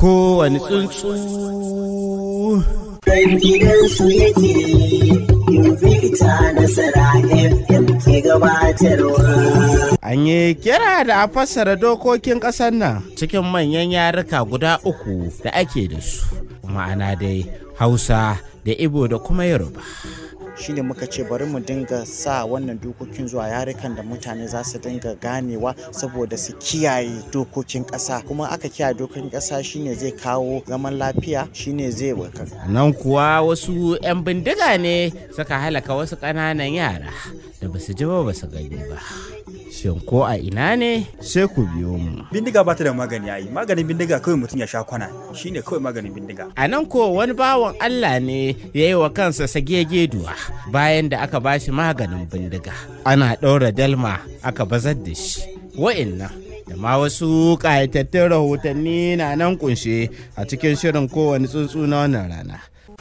kowane tsuntsu. An yi kira da a fassara dokokin ƙasar nan cikin manyan yaruka guda uku da ake da su, ma'ana dai Hausa da Ibo da kuma Yoruba. shine muka ce bari mu dinga sa wannan dokokin zuwa yarukan da mutane za su dinga ganewa saboda su kiyaye dokokin ƙasa kuma aka kiyaye dokokin ƙasa shine zai kawo zaman lafiya shine zai waka nan kuwa wasu 'yan bindiga ne suka halaka wasu ƙananan yara da ba su ji ba su gani ba Shin ko a ina ne sai ku biyo mu. Bindiga ba ta da magani yayi, maganin bindiga kawai mutum ya sha kwana shine kawai maganin bindiga. A nan ko wani bawan Allah ne ya yi wa kansa sagegeduwa bayan da aka ba shi maganin bindiga. Ana ɗaura dalma aka bazar da shi. Wa'innan da ma wasu ƙayatattun rahotanni na nan kunshe a cikin shirin kowane tsuntsu na wannan rana. Me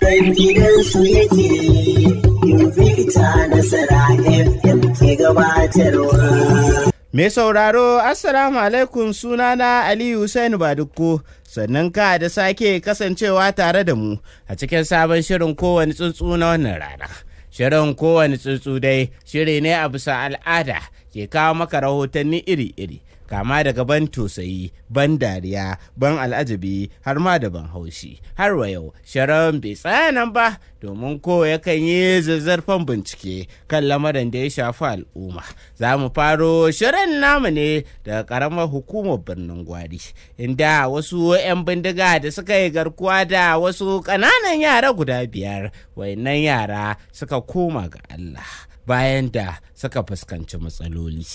gabatarwa. Mai sauraro, Assalamu alaikum sunana Ali Hussein Badukko, sannan ka da sake kasancewa tare da mu a cikin sabon shirin kowane tsuntsu na wannan rana. Shirin kowane tsuntsu dai shiri ne a bisa al'ada ke kawo maka rahotanni iri-iri. kama daga ban tausayi ban dariya ban al'ajabi har ma da ban haushi har wa yau sharon bai tsaya nan ba domin ko yakan yi zazzarfan bincike kan lamarin da ya shafi al'umma za mu faro shirin namu ne daga karamar hukumar birnin gwari inda wasu 'yan bindiga da suka yi garkuwa da wasu ƙananan yara guda biyar wayannan yara suka koma ga allah bayan da suka fuskanci matsaloli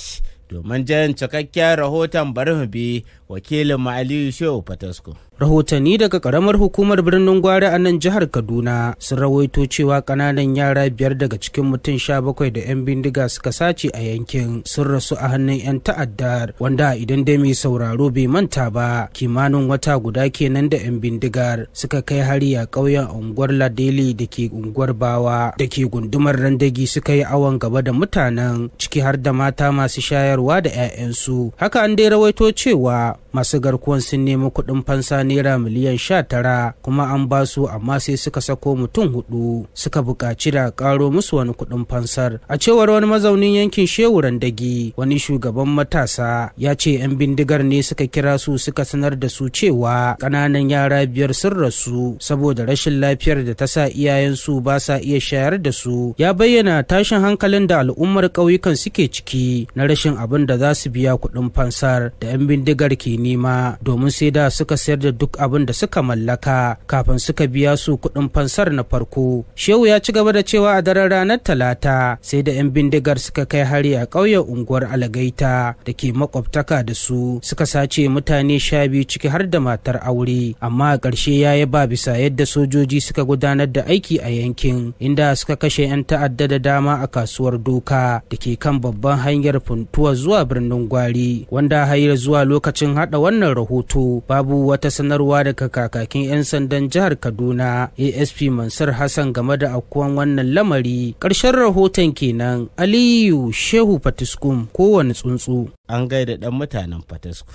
domin jan cikakken rahoton bari mu bi wakilin Aliyu Shehu Fatasko. Rahotanni daga karamar hukumar birnin Gwari a nan jihar Kaduna sun rawaito cewa kananan yara biyar daga cikin mutum sha bakwai da 'yan bindiga suka sace a yankin sun rasu a hannun 'yan ta'addar wanda idan dai mai sauraro bai manta ba kimanin wata guda kenan da 'yan bindigar suka kai hari a ƙauyen unguwar Ladeli da ke unguwar Bawa da ke gundumar Randagi suka yi awon gaba da mutanen ciki har da mata masu shayarwa haifarwa da 'ya'yansu haka an dai rawaito cewa masu garkuwan sun nemi kuɗin fansa naira miliyan sha tara kuma an ba su amma sai suka sako mutum hudu suka buƙaci da ƙaro musu wani kuɗin fansar a cewar wani mazaunin yankin shewuran dagi. wani shugaban matasa ya ce 'yan bindigar ne suka kira su suka sanar da su cewa ƙananan yara biyar sun rasu saboda rashin lafiyar da ta sa iyayensu ba sa iya shayar da su ya bayyana tashin hankalin da al'ummar ƙauyukan suke ciki na rashin abin da za su biya kuɗin fansar da 'yan bindigar ke nema domin sai da suka sayar da duk abin da suka mallaka kafin suka biya su kuɗin fansar na farko shehu ya ci gaba da cewa a daren ranar talata sai da 'yan bindigar suka kai hari a ƙauyen unguwar algaita da ke makwabtaka da su suka sace mutane sha biyu ciki har da matar aure amma a ƙarshe ya yi ba bisa yadda sojoji suka gudanar da aiki a yankin inda suka kashe 'yan ta'adda da dama a kasuwar doka da ke kan babban hanyar funtuwa zuwa birnin gwari wanda hayar zuwa lokacin haɗa hada wannan rahoto babu wata sanarwa daga kakakin 'yan sandan jihar kaduna asp mansur hassan game da akuwan wannan lamari ƙarshen rahoton kenan aliyu shehu patiskum kowane tsuntsu an gaida dan mutanen fatisku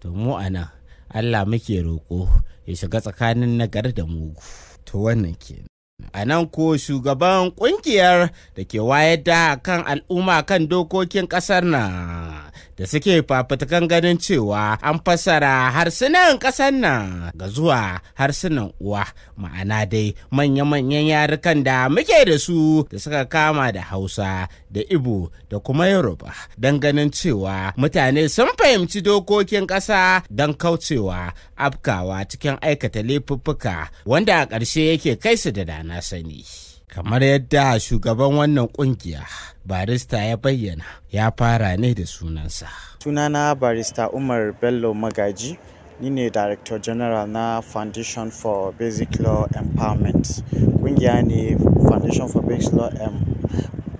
to mu ana allah muke roƙo ya shiga tsakanin nagar da mugu to wannan kenan A nan ko shugaban kungiyar da ke wayar da kan al'umma kan dokokin ƙasar na da suke fafutukan ganin cewa an fassara harsunan ƙasar nan ga zuwa harsunan uwa ma'ana dai manya-manyan yarukan da muke da su da suka kama da hausa da ibo da kuma yoruba don ganin cewa mutane sun fahimci dokokin ƙasa don kaucewa afkawa cikin aikata laifuffuka wanda a ƙarshe yake kai su da dana sani. kamar yadda shugaban wannan kungiya barista ya bayyana ya fara ne da sunansa sunana barista umar bello magaji ni ne director general na foundation for basic law empowerment kungiya ne foundation for basic law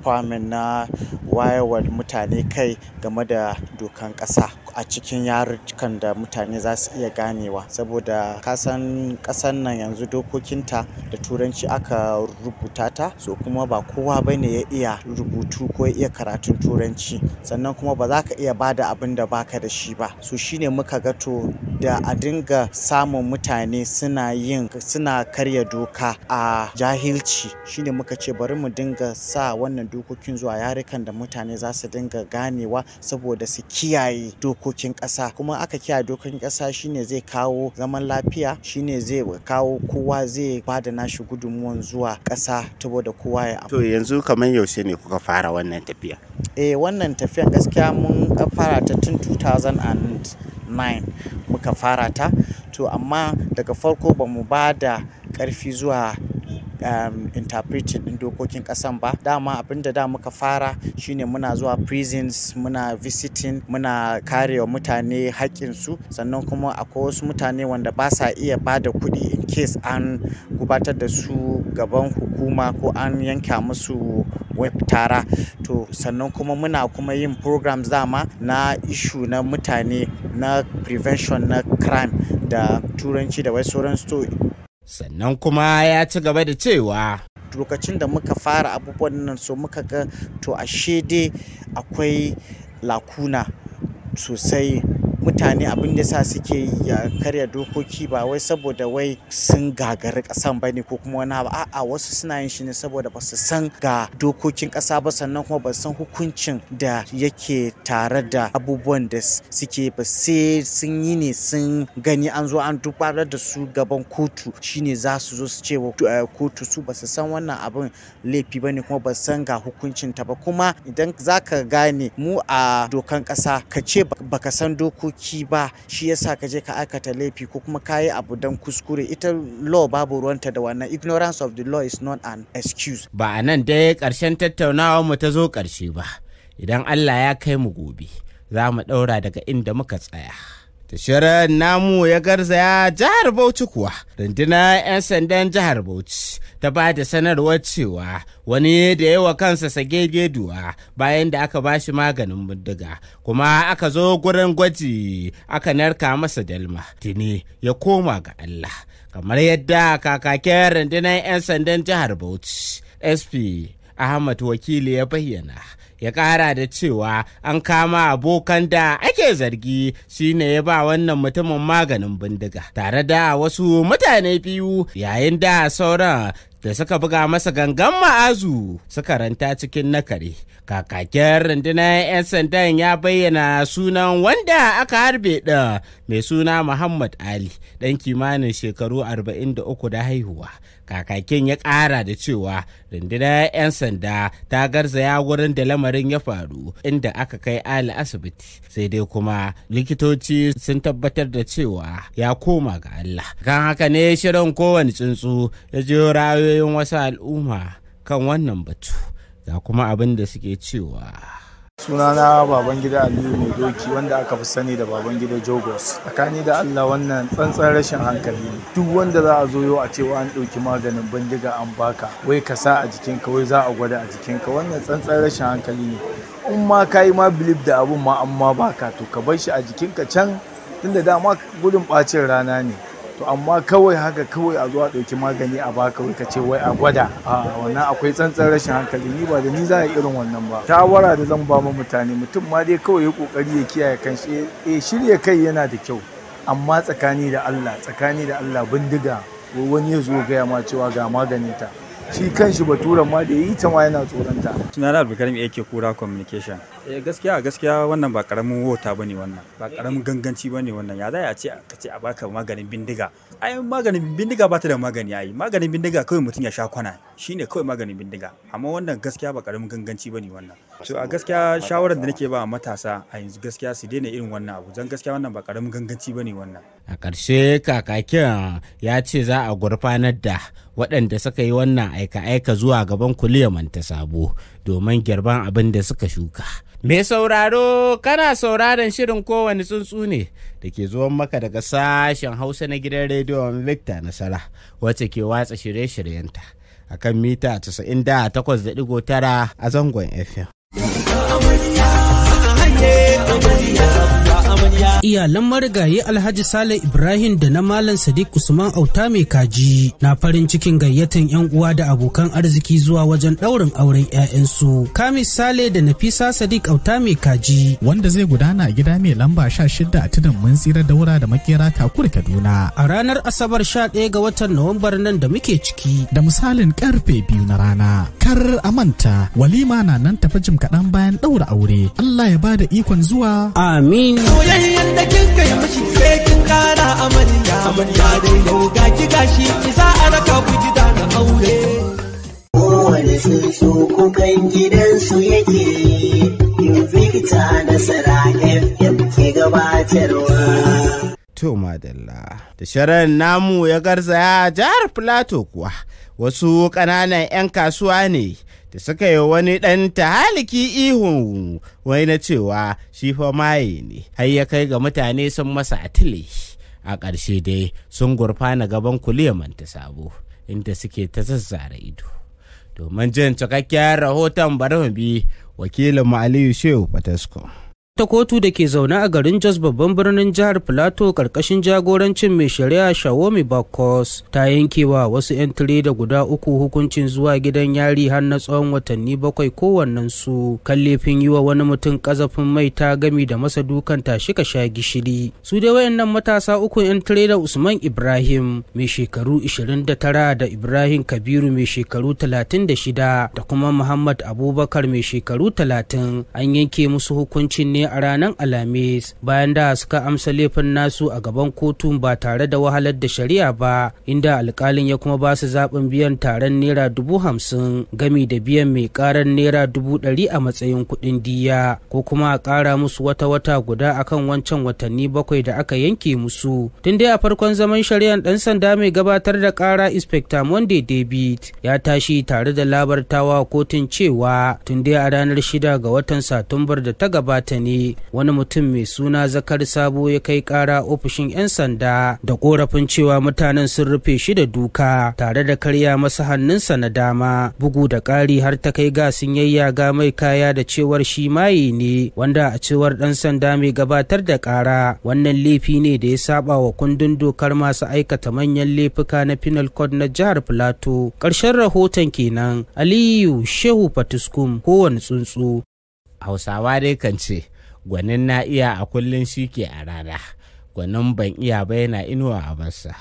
requirement na wayarwa mutane kai game da dokan ƙasa a cikin yarukan da mutane za su iya ganewa. Saboda ka san nan yanzu dokokinta da Turanci aka rubuta ta, so kuma ba kowa ne ya iya rubutu ko ya iya karatun Turanci. Sannan kuma ba za ka iya ba da abin da ba da shi ba. So shine muka ga to da a dinga samun mutane suna yin, suna karya doka a jahilci. Shine muka ce bari mu dinga sa wannan. dokokin zuwa yarukan da mutane za su dinga ganewa saboda su kiyaye dokokin ƙasa kuma aka kiyaye dokokin ƙasa shine zai kawo zaman lafiya shine zai kawo kowa zai bada nashi gudunmuwan zuwa ƙasa saboda kowa ya to yanzu kamar yaushe ne kuka fara wannan tafiya eh wannan tafiyan gaskiya mun fara ta tun 2009 muka fara ta to amma daga farko ba mu ba da ƙarfi zuwa um, interpreted dokokin ƙasan ba dama abin da da muka fara shine muna zuwa prisons muna visiting muna karewa mutane haƙƙinsu sannan kuma akwai wasu mutane wanda ba sa iya ba da kuɗi in case an gabatar da su gaban hukuma ko an yanka musu web tara to sannan kuma muna kuma yin programs dama na ishu na mutane na prevention na crime da turanci da wai sauran to sannan kuma ya ci gaba da cewa lokacin da muka fara abubuwan nan so muka ga to ashe dai akwai lakuna sosai mutane abin da sa suke ya karya dokoki ba wai saboda wai sun gagari kasan ba ne ko kuma wani abu a'a wasu suna yin shi ne saboda ba su san ga dokokin ƙasa ba sannan kuma ba san hukuncin da yake tare da abubuwan da suke ba sai sun yi ne sun gani an zo an dubarar da su gaban kotu shine za su zo su ce wa eh, kotu su ba su san wannan abin laifi ba ne kuma ba san ga hukuncin ta ba kuma idan zaka gane mu a dokan ƙasa ka ce baka san dokoki baki ba shi yasa ka je ka aikata laifi ko kuma ka yi abu don kuskure ita law babu ruwanta da wannan ignorance of the law is not an excuse ba a nan dai karshen tattaunawa mu ta zo karshe ba idan Allah ya kai mu gobe za mu daura daga inda muka tsaya shirin namu ya garzaya jihar Bauchi kuwa, rundunar 'yan sandan jihar Bauchi ta ba da sanarwar cewa wani da yawa kansa sagegeduwa bayan da aka bashi maganin bindiga, kuma aka zo gurin gwaji aka narka masa dalma, tini ya koma ga Allah, kamar yadda kakakin rundunar 'yan sandan jihar Bauchi, SP ahmad wakili ya bayyana ya ƙara da cewa an kama abokan da ake zargi shine ya ba wannan mutumin maganin bindiga tare da wasu mutane biyu yayin da sauran da suka buga masa gangan ma'azu suka ranta cikin nakare kakakin rundunar 'yan sandan ya bayyana sunan wanda aka harbe ɗin mai suna muhammad ali ɗan kimanin shekaru 43 da haihuwa kakakin ya ƙara da cewa rundunar 'yan sanda ta garzaya wurin da lamarin ya faru inda aka kai ali asibiti sai dai kuma likitoci sun tabbatar da cewa ya koma ga allah kan haka ne shirin kowane tsuntsu ya je rayoyin wasu al'umma kan wannan batu ga kuma abin da suke cewa Sunana Babangida Aliyu Mai Doki wanda aka fi sani da Babangida Jogos. Tsakani da Allah wannan tsantsan rashin hankali ne. Duk wanda za a zo yau a cewa an ɗauki maganin bindiga an baka, wai ka sa a jikinka wai za a gwada a jikinka wannan tsantsan rashin hankali ne. In ma ka yi ma bilif da abun ma an ma baka to ka bar shi a jikinka can tunda dama gudun ɓacin rana ne. to amma kawai haka kawai a zo a ɗauki magani a baka wai ka wai a gwada a wannan akwai tsantsan rashin hankali ni ba da ni za a irin wannan ba shawara da zan ba mutane mutum ma dai kawai ya kokari ya kiyaye kanshi eh, eh shirya kai yana da kyau amma tsakani da Allah tsakani da Allah bindiga wani ya zo gaya ma cewa ga maganin ta shi kanshi baturan ma da yi ta ma yana tsoronta sunana abdulkarim yake kura communication eh gaskiya gaskiya wannan ba karamin wota bane wannan ba karamin ganganci bane wannan ya za a ce a ce a baka maganin bindiga ai maganin bindiga ba ta da magani ai maganin bindiga kawai mutum ya sha kwana shine kawai maganin bindiga amma wannan gaskiya ba karamin ganganci bane wannan so a gaskiya shawarar da nake ba matasa a yanzu gaskiya su daina irin wannan abu zan gaskiya wannan ba karamin ganganci bane wannan a ƙarshe kakakin ya ce za a gurfanar da waɗanda suka yi wannan aika-aika zuwa gaban kuliyar manta sabo domin girban abin da suka shuka Me sauraro kana sauraron shirin kowane tsuntsu ne da ke zuwan maka daga sashen Hausa na gidan rediyon Victor Nasara wacce ke watsa shirye-shiryenta a kan mita 98.9 a zangon FM. Iyalan marigayi Alhaji Sale Ibrahim da na Malam Sadiq Usman Auta mai kaji na farin cikin gayyatan 'yan uwa da abokan arziki zuwa wajen ɗaurin auren 'ya'yansu. Kamis Sale da Nafisa Sadiq Auta mai kaji. Wanda zai gudana a gida mai lamba 16 a tudun mun tsira daura da makera kakuri Kaduna. A ranar Asabar 11 ga watan Nuwambar nan da muke ciki. Da misalin karfe biyu na rana. Kar a manta walima na nan tafi jim kaɗan bayan ɗaura aure. Allah ya bada ikon zuwa. Amin. duk yadda kin kai mashi sai kin kara amarya amarya da yau ga gashi ki za a raka ku gida na aure kowane tsuntsu kukan gidansu yake invicta nasara fm ke gabatarwa To Madalla. Da namu ya garzaya jihar Filato kuwa wasu ƙananan 'yan kasuwa ne da suka yi wani ɗan tahaliki ihun wai na cewa shi fa maye ne har ya kai ga mutane sun masa atile a ƙarshe dai sun gurfana gaban kuliyaman ta sabo inda suke ta zazzara ido domin jin cikakkiyar rahoton bari mu bi wakilin aliyu shehu fatasko ta kotu da ke zaune a garin jos babban birnin jihar plateau karkashin jagorancin mai shari'a shawomi bakos ta yankewa wasu 'yan tire da guda uku hukuncin zuwa gidan yari har na tsawon watanni bakwai kowannen su kan laifin yi wa wani mutum kazafin mai ta gami da masa dukan tashi ka sha gishiri su dai wayannan matasa uku 'yan tire da usman ibrahim mai shekaru 29 da ibrahim kabiru mai shekaru 36 da kuma muhammad abubakar mai shekaru 30 an yanke musu hukuncin ne a ranar Alhamis bayan da suka amsa laifin nasu a gaban kotun ba tare da wahalar da shari'a ba inda alkalin ya kuma ba su zaɓin biyan taron naira dubu hamsin gami da biyan mai ƙarar naira dubu ɗari a matsayin kuɗin diya ko kuma a ƙara musu wata wata guda akan wancan watanni bakwai da aka yanke musu tun dai a farkon zaman shari'ar ɗan sanda mai gabatar da ƙara inspector monday david ya tashi tare da labartawa kotun cewa tun dai a ranar shida ga watan satumbar da ta gabata ne wani mutum mai suna zakar sabo ya kai kara ofishin 'yan sanda da korafin cewa mutanen sun rufe shi da duka tare da karya masa hannunsa na dama bugu da ƙari har ta kai gasin yayyaga mai kaya da cewar shi maye ne wanda a cewar ɗan sanda mai gabatar da ƙara wannan laifi ne da ya saba wa kundin dokar masu aikata manyan laifuka na penal code na jihar Filato. ƙarshen rahoton kenan aliyu shehu fatiskum kowane tsuntsu hausawa dai kan ce gwanin na iya a kullum shi ke a rana gwanin ban iya ba yana inuwa a basa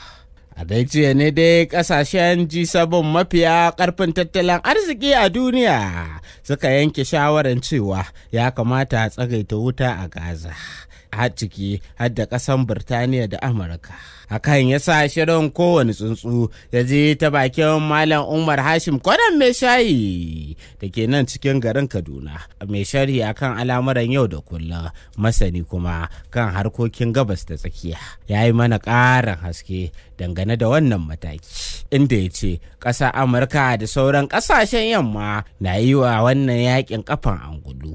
a dai jiya ne dai kasashen g7 mafiya karfin tattalin arziki a duniya suka yanke shawarar cewa ya kamata a tsagaita wuta a gaza a ciki har da kasan birtaniya da amurka akan ya sa shirin kowane tsuntsu ya je ta bakin malam umar hashim kwanan mai shayi da ke nan cikin garin kaduna mai sharhi akan al'amuran yau da kullum masani kuma kan harkokin gabas da tsakiya ya yi mana ƙarin haske dangane da wannan mataki inda ya ce ƙasa amurka da sauran ƙasashen yamma na yi wa wannan yakin kafan angulu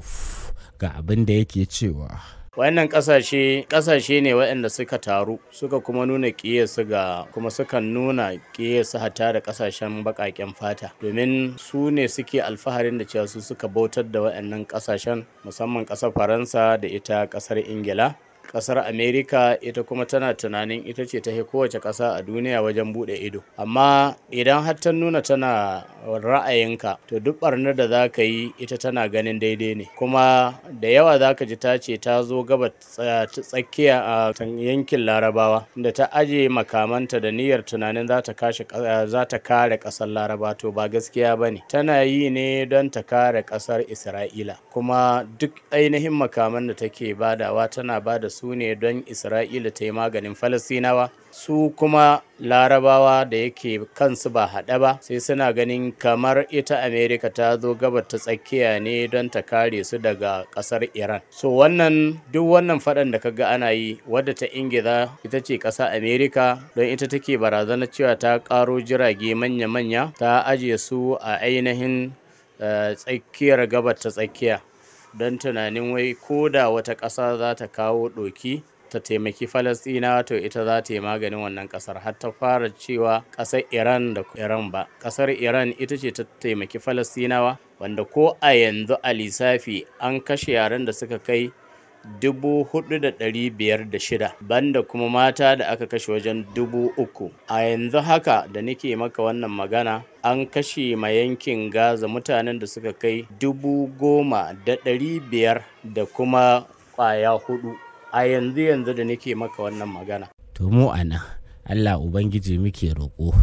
ga abin da yake cewa wayannan kasashe kasashe ne waɗanda suka taru suka kuma nuna kiyarsu ga kuma suka nuna kiyarsu hata da kasashen bakaken fata domin su ne suke alfaharin da cewa su suka bautar da waɗannan kasashen musamman ƙasar Faransa da ita ƙasar Ingila kasar Amerika ita kuma tana tunanin ita ce ta kowace kasa a duniya wajen bude ido amma idan har ta nuna tana ra'ayinka to duk barnar da za ka yi ita tana ganin daidai ne kuma da yawa za ka ji ta ce ta zo gaba tsakiya a yankin larabawa da ta aje makamanta da niyyar tunanin za ta eh, kare kasar laraba to ba gaskiya ba ne tana yi ne don ta kare kasar isra'ila kuma duk ainihin makaman da take badawa tana bada su ne don isra'ila ta yi maganin falasinawa su kuma larabawa da yake kansu ba haɗa ba sai suna ganin kamar ita amerika ta zo gabar ta tsakiya ne don ta kare su daga ƙasar iran so wannan duk wannan faɗan da kaga ana yi wadda ta ingiza ita ce ƙasa amerika don ita take barazana cewa ta ƙaro jirage manya-manya ta ajiye su a ainihin eh, tsakiyar gabar ta tsakiya don tunanin wai ko da wata ƙasa za ta kawo ɗoki ta taimaki falastina to ita za ta yi maganin wannan ƙasar har ta fara cewa kasar iran da iran ba ƙasar iran ita ce ta taimaki falastinawa wanda ko a yanzu a lissafi an kashe yaren da suka kai 4,506 banda kuma mata da aka kashe wajen 3,000 a yanzu haka da nake maka wannan magana an kashe ma yankin gaza mutanen da suka kai 10,500 da kuma kwaya hudu a yanzu yanzu da nake maka wannan magana to mu ana allah ubangiji muke roƙo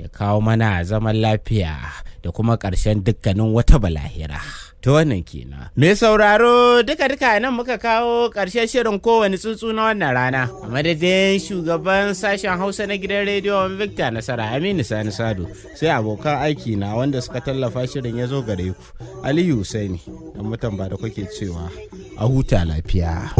ya kawo mana zaman lafiya da kuma ƙarshen dukkanin wata balahira. ta wannan kenan. Mai sauraro duka-duka nan muka kawo ƙarshen shirin kowane tsuntsu na wannan rana. A madadin shugaban sashen Hausa na gidan rediyo Victor Nasara Aminu Sani Sado sai abokan aiki na wanda suka tallafa shirin ya zo gare ku. Aliyu usaini dan mutan ba da kuke cewa a huta lafiya.